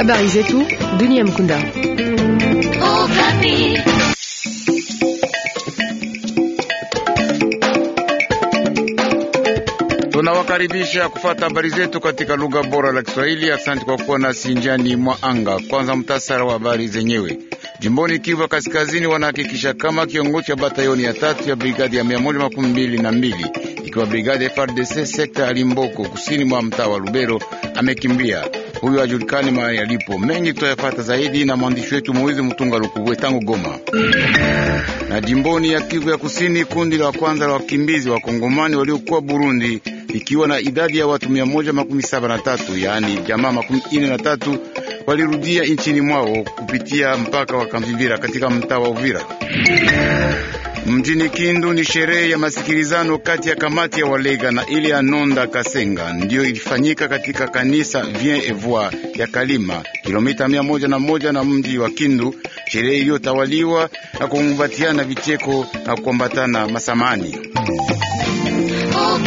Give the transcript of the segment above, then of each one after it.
Habari zetu dunia mkunda. Tunawakaribisha kufata habari zetu katika lugha bora la Kiswahili. Asante kwa kuwa nasi njiani mwa anga. Kwanza mtasara wa habari zenyewe. Jimboni Kivu Kaskazini wanahakikisha kama kiongozi wa batayoni ya tatu ya brigadi ya mia moja makumi mbili na mbili ikiwa brigadi ya FARDC sekta ya Limboko kusini mwa mtaa wa Lubero amekimbia huyo ajulikani mahali alipo. Mengi tutayapata zaidi na mwandishi wetu Moizi Mtunga Lukubwe tangu Goma. Na jimboni ya Kivu ya Kusini, kundi la kwanza la wakimbizi wakongomani waliokuwa Burundi ikiwa na idadi ya watu mia moja makumi saba na tatu yaani jamaa makumi ine na tatu walirudia nchini mwao kupitia mpaka wa Kamvivira katika mtaa wa Uvira. Mjini Kindu ni sherehe ya masikilizano kati ya kamati ya Walega na ile ya Nonda Kasenga ndiyo ilifanyika katika kanisa Vien Evoi ya Kalima, kilomita mia moja na moja na mji wa Kindu, sherehe iliyotawaliwa na kukumbatiana vicheko na kukombatana masamani. Oh,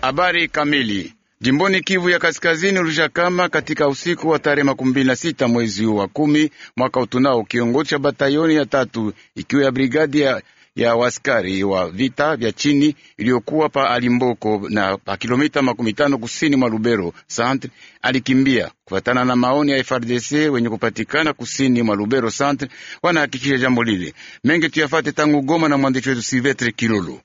Habari kamili Jimboni Kivu ya Kaskazini, kama katika usiku wa tarehe makumi mbili na sita mwezi wa kumi mwaka utunao, kiongozi cha batayoni ya tatu ikiwa ya brigadi ya, ya waskari wa vita vya chini iliyokuwa pa Alimboko na pa kilomita makumi tano kusini mwa Lubero Centre alikimbia kufatana na maoni ya FRDC wenye kupatikana kusini mwa Lubero Centre wanahakikisha jambo lile. Mengi tuyafate tangu Goma na mwandishi wetu Silvestre kilulu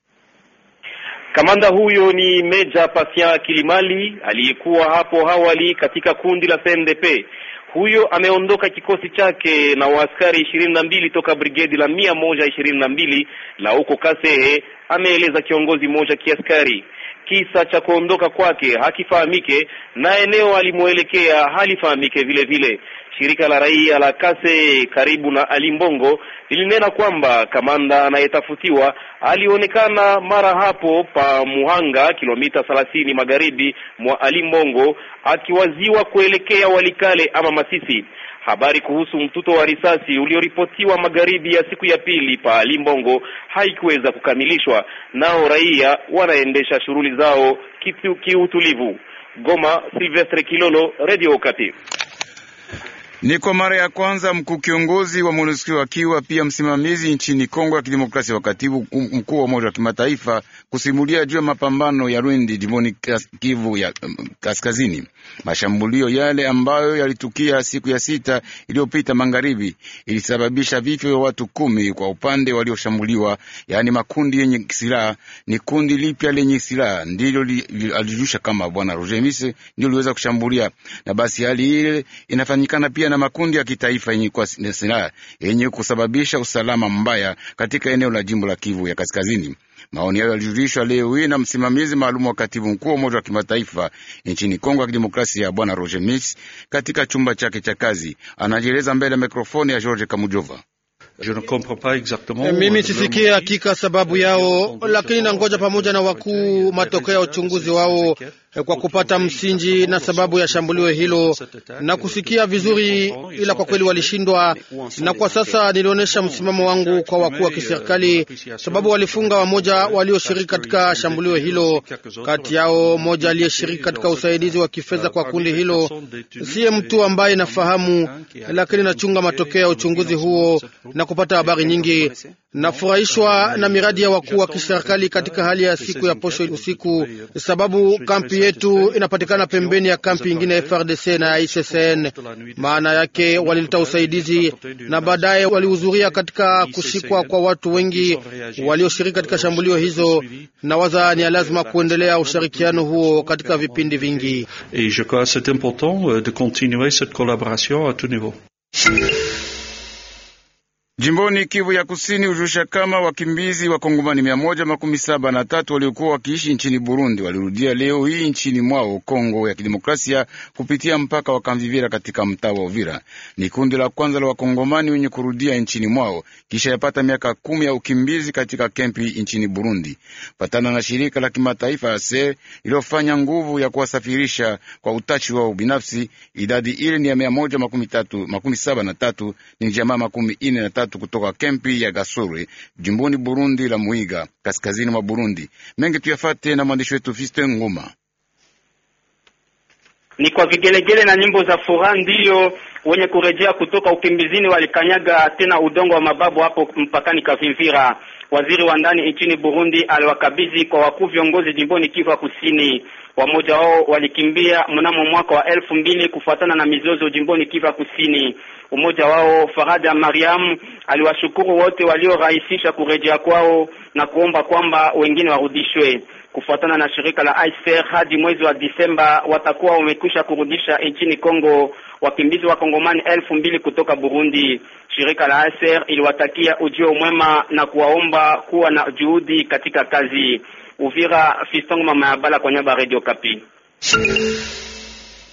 Kamanda huyo ni Meja pasian Kilimali aliyekuwa hapo awali katika kundi la CNDP. Huyo ameondoka kikosi chake na waaskari ishirini na mbili toka brigedi la mia moja ishirini na mbili la huko Kasehe, ameeleza kiongozi mmoja kiaskari. Kisa cha kuondoka kwake hakifahamike na eneo alimwelekea halifahamike vile vile. Shirika la raia la Kase karibu na Alimbongo lilinena kwamba kamanda anayetafutiwa alionekana mara hapo pa Muhanga, kilomita 30 magharibi mwa Alimbongo, akiwaziwa kuelekea Walikale ama Masisi. Habari kuhusu mtuto wa risasi ulioripotiwa magharibi ya siku ya pili pa Limbongo haikuweza kukamilishwa, nao raia wanaendesha shughuli zao kiutulivu. Goma, Silvestre Kilolo, Radio Okapi. Ni kwa mara ya kwanza mkuu kiongozi wa MONUSCO akiwa pia msimamizi nchini Kongo ya Kidemokrasia wa katibu mkuu wa Umoja wa Kimataifa kusimulia juu ya mapambano ya Rwindi jimboni Kivu ya um, kaskazini, mashambulio yale ambayo yalitukia siku ya sita iliyopita magharibi ilisababisha vifo vya watu kumi kwa upande walioshambuliwa, yaani makundi yenye silaha. Ni kundi lipya lenye silaha ndilo alijulisha kama Bwana Roger Mise ndio liweza kushambulia, na basi hali ile inafanyikana pia na na makundi ya kitaifa yenye kwa silaha yenye kusababisha usalama mbaya katika eneo la jimbo la Kivu ya Kaskazini. Maoni hayo yalijulishwa leo hii na msimamizi maalum wa katibu mkuu wa Umoja wa Kimataifa nchini Kongo ya Kidemokrasia, Bwana Roger Miss, katika chumba chake cha kazi. Anajieleza mbele ya mikrofoni ya George Kamujova. Eh, mimi sisikii hakika sababu yao, lakini nangoja pamoja na wakuu matokeo ya uchunguzi wao Eh, kwa kupata msingi na sababu ya shambulio hilo na kusikia vizuri, ila kwa kweli walishindwa. Na kwa sasa nilionyesha msimamo wangu kwa wakuu wa kiserikali, sababu walifunga wamoja walioshiriki katika shambulio hilo, kati yao mmoja aliyeshiriki katika usaidizi wa kifedha kwa kundi hilo. Siye mtu ambaye nafahamu, lakini nachunga matokeo ya uchunguzi huo na kupata habari nyingi. Nafurahishwa na miradi ya wakuu wa kiserikali katika hali ya siku ya posho usiku, sababu kampi yetu inapatikana pembeni ya kampi ingine ya FRDC na ya ICCN. Maana yake walileta usaidizi na baadaye walihudhuria katika kushikwa kwa watu wengi walioshiriki katika shambulio hizo, na waza ni ya lazima kuendelea ushirikiano huo katika vipindi vingi. Jimboni Kivu ya Kusini hujusha kama wakimbizi wa Kongomani mia moja makumi saba na tatu waliokuwa wakiishi nchini Burundi walirudia leo hii nchini mwao Kongo ya Kidemokrasia kupitia mpaka wa Kamvivira katika mtaa wa Uvira. Ni kundi la kwanza la Wakongomani wenye kurudia nchini mwao kisha yapata miaka kumi ya ukimbizi katika kempi nchini Burundi, patana na shirika la kimataifa ya se iliyofanya nguvu ya kuwasafirisha kwa utachi wao binafsi. Idadi ile ni ya mia moja makumi saba na tatu ni jamaa makumi ine na tatu tatu kutoka kempi ya Gasuri jimboni Burundi la Muiga kaskazini mwa Burundi. Mengi tuyafate na mwandishi wetu Fiste Ngoma. Ni kwa vigelegele na nyimbo za furaha ndiyo wenye kurejea kutoka ukimbizini walikanyaga tena udongo wa mababu hapo mpakani Kavimvira waziri wa ndani nchini Burundi aliwakabidhi kwa wakuu viongozi jimboni Kivu ya Kusini. Wamoja wao walikimbia mnamo mwaka wa elfu mbili kufuatana na mizozo jimboni Kivu ya Kusini. Umoja wao Faraja Mariam aliwashukuru wote waliorahisisha kurejea kwao na kuomba kwamba wengine warudishwe. Kufuatana na shirika la ICR, e hadi mwezi wa Disemba watakuwa wamekwisha kurudisha nchini Kongo wakimbizi wa Kongomani elfu mbili kutoka Burundi. Shirika la ICR e iliwatakia ujio mwema na kuwaomba kuwa na juhudi katika kazi. Uvira, Fistongo Mama bala kwa nyaba Radio Kapi.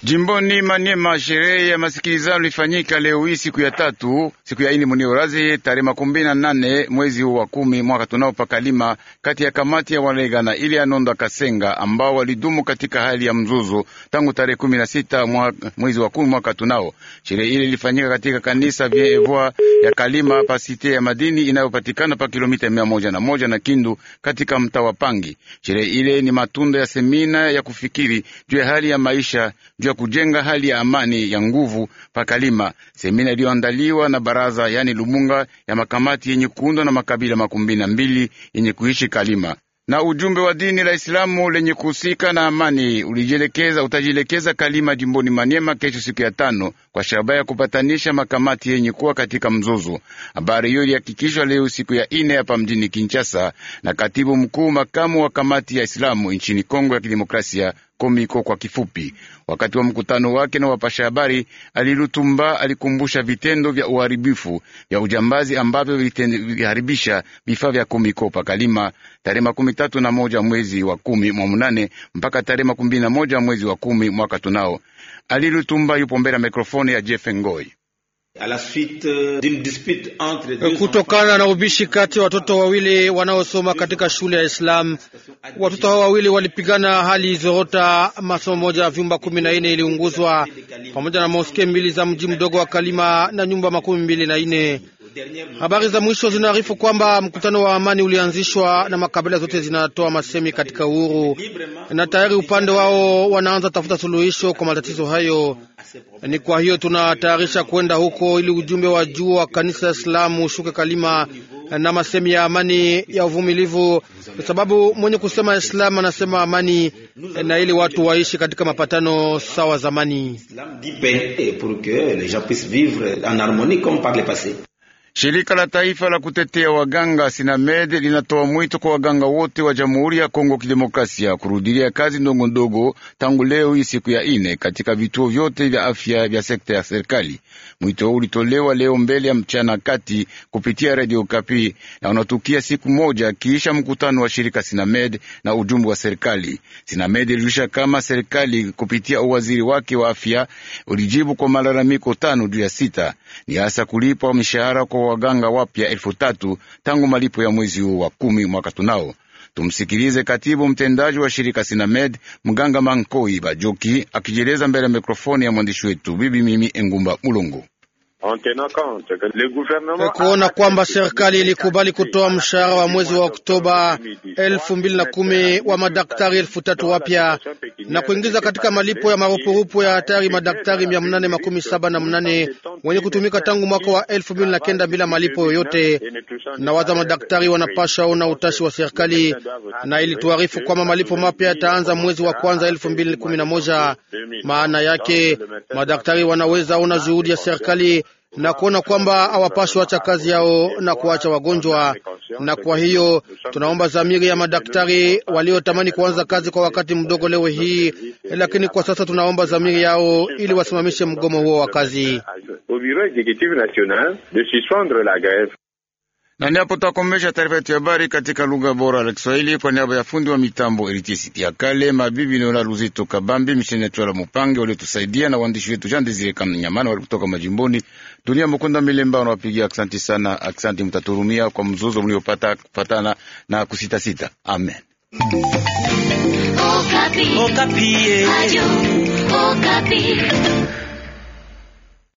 Jimboni Maniema, sherehe ya masikilizano ilifanyika leo hii siku ya tatu, siku ya ini muniorazi tarehe makumi na nane mwezi wa kumi mwaka tunao pakalima, kati ya kamati ya na ili ya Nondo Kasenga ambao walidumu katika hali ya mzuzu tangu tarehe kumi na sita mwezi wa kumi mwaka tunao. Sherehe ile ilifanyika katika kanisa Vievoa ya Kalima site ya madini inayopatikana pa kilomita mia moja na moja na Kindu katika mtaa wa Pangi. Sherehe ile ni matunda ya semina ya kufikiri juu ya hali ya maisha juu ya kujenga hali ya amani ya nguvu pakalima, semina iliyoandaliwa na baraza yani Lumunga ya makamati yenye kuundwa na makabila makumi na mbili yenye kuishi Kalima na ujumbe wa dini la Islamu lenye kuhusika na amani ulijielekeza utajielekeza Kalima jimboni Maniema kesho siku ya tano kwa shabaha ya kupatanisha makamati yenye kuwa katika mzozo. Habari hiyo ilihakikishwa leo siku ya ine hapa mjini Kinshasa na katibu mkuu makamu wa kamati ya Islamu nchini Kongo ya Kidemokrasia Komiko kwa kifupi. Wakati wa mkutano wake na wapasha habari, Alilutumba alikumbusha vitendo vya uharibifu vya ujambazi ambavyo viliharibisha vifaa vya Komiko pakalima tarehe makumi tatu na moja mwezi wa kumi mwa munane mpaka tarehe makumi mbili na moja mwezi wa kumi mwaka tunao. Alilutumba yupo mbele ya mikrofoni ya Jeff Ngoi. Euh, euh, kutokana na ubishi kati ya watoto wawili wanaosoma katika shule ya Islam. Watoto hao wawili walipigana hali izorota, masomo moja ya vyumba kumi na nne iliunguzwa pamoja na moske mbili za mji mdogo wa Kalima na nyumba makumi mbili na nne. Habari za mwisho zinaarifu kwamba mkutano wa amani ulianzishwa na makabila zote zinatoa masemi katika uhuru na tayari upande wao wanaanza tafuta suluhisho kwa matatizo hayo. Ni kwa hiyo tunatayarisha kwenda huko ili ujumbe wa juu wa kanisa ya Islamu ushuke kalima na masemi ya amani ya uvumilivu, kwa sababu mwenye kusema Islamu anasema amani, na ili watu waishi katika mapatano sawa zamani. Shirika la taifa la kutetea waganga Sinamed linatoa mwito kwa waganga wote wa Jamhuri ya Kongo Kidemokrasia kurudilia kazi ndogo ndogo tangu leo hii siku ya ine katika vituo vyote vya afya vya sekta ya serikali. Mwito huu ulitolewa leo mbele ya mchana kati kupitia radio Kapi na unatukia siku moja kiisha mkutano wa shirika Sinamed na ujumbe wa serikali. Sinamed ilijulisha kama serikali kupitia uwaziri wake wa afya ulijibu kwa malalamiko tano juu ya sita ni hasa kulipwa mishahara kwa wa waganga wapya elfu tatu tangu malipo ya mwezi huu wa kumi mwaka tunao. Tumsikilize katibu mtendaji wa shirika Sinamed, mganga Mankoi Bajoki akijieleza mbele ya mikrofoni ya mwandishi wetu bibi Mimi Engumba Mulungu compte que le gouvernement kuona kwamba serikali ilikubali kutoa mshahara wa mwezi wa Oktoba elfu mbili na kumi wa madaktari elfu tatu wapya na kuingiza katika malipo ya marupurupu ya hatari madaktari mia mnane makumi saba na mnane wenye kutumika tangu mwaka wa elfu mbili na kenda bila malipo yoyote. Na waza madaktari wanapasha ona utashi wa serikali, na ilituarifu kwamba malipo mapya yataanza mwezi wa kwanza elfu mbili kumi na moja. Maana yake madaktari wanaweza ona juhudi ya serikali na kuona kwamba hawapaswi acha kazi yao na kuacha wagonjwa. Na kwa hiyo tunaomba zamiri ya madaktari waliotamani kuanza kazi kwa wakati mdogo leo hii, lakini kwa sasa tunaomba zamiri yao ili wasimamishe mgomo huo wa kazi na ndipo takomesha taarifa yetu ya habari katika lugha bora la Kiswahili kwa niaba ya fundi wa mitambo Eritisi ya Kale Mabibi Nola Luzito Kabambi Misheni Twala Mupange waliotusaidia na waandishi wetu Jean Desire Kamenyamana wali kutoka majimboni Dunia Mukunda Milemba wanawapigia aksanti sana, aksanti mtaturumia kwa mzozo mliopata kupatana na kusitasita. Amen. Okapi. Okapi. Eh.